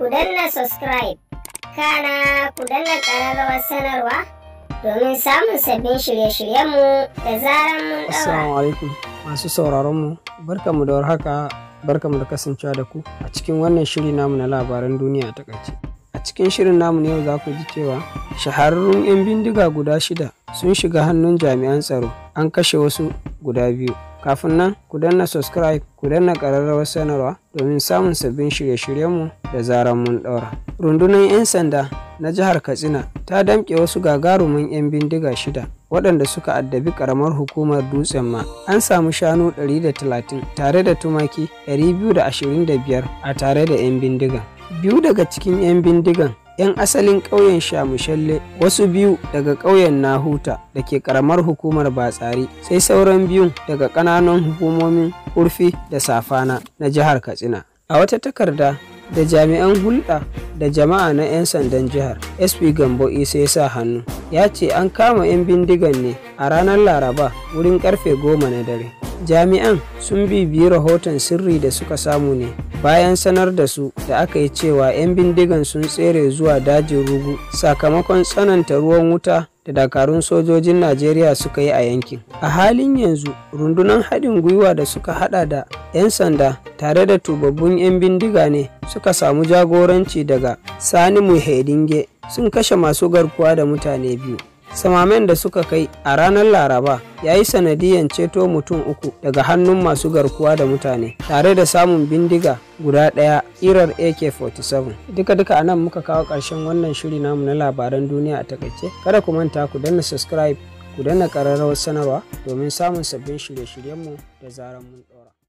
ku danna subscribe kana ku danna ƙararrawar sanarwa domin samun sabbin shirye-shiryenmu da zaran mun ɗaura. Assalamu alaikum masu sauraronmu barkamu da warhaka barkamu da kasancewa da ku a cikin wannan shiri namu na labaran duniya ta ƙarshe. A cikin shirin namu yau za ku ji cewa shahararrun 'yan bindiga guda shida sun shiga hannun jami'an tsaro an kashe wasu guda biyu. Kafin nan ku danna subscribe ku danna ƙararrawar sanarwa domin samun sabbin shirye-shiryenmu da zarar mun ɗaura. Rundunar 'yan sanda na jihar Katsina ta damƙe wasu gagarumin 'yan bindiga shida waɗanda suka addabi ƙaramar hukumar dutsen ma. An samu shanu 130 tare da tumaki 225 a tare da 'yan bindigan. Biyu daga cikin 'yan bindigan 'yan asalin ƙauyen shamushalle wasu biyu daga ƙauyen nahuta da ke ƙaramar hukumar batsari sai sauran biyun daga ƙananan hukumomin kurfi da safana na jihar katsina a wata takarda da jami'an hulɗa da jama'a na 'yan sandan jihar sp gambo isa ya sa hannu ya ce an kama 'yan bindigan ne a ranar laraba wurin karfe goma na dare jami'an sun bibiyi rahoton sirri da suka samu ne bayan sanar da su da aka yi cewa 'yan bindigan sun tsere zuwa dajin rugu sakamakon tsananta ruwan wuta da dakarun sojojin najeriya suka yi a yankin a halin yanzu rundunar haɗin gwiwa da suka haɗa da 'yan sanda tare da tubabbun 'yan bindiga ne suka samu jagoranci daga sani muhedinge sun kashe masu garkuwa da mutane biyu samamen da suka kai a ranar laraba ya yi sanadiyan ceto mutum uku daga hannun masu garkuwa da mutane tare da samun bindiga guda ɗaya irar ak-47 duka duka anan muka kawo ƙarshen wannan shiri namu na labaran duniya a takaice kada ku manta ku danna subscribe ku danna ƙararrawar sanarwa domin samun sabbin shirye-shiryenmu da zaran mun ɗora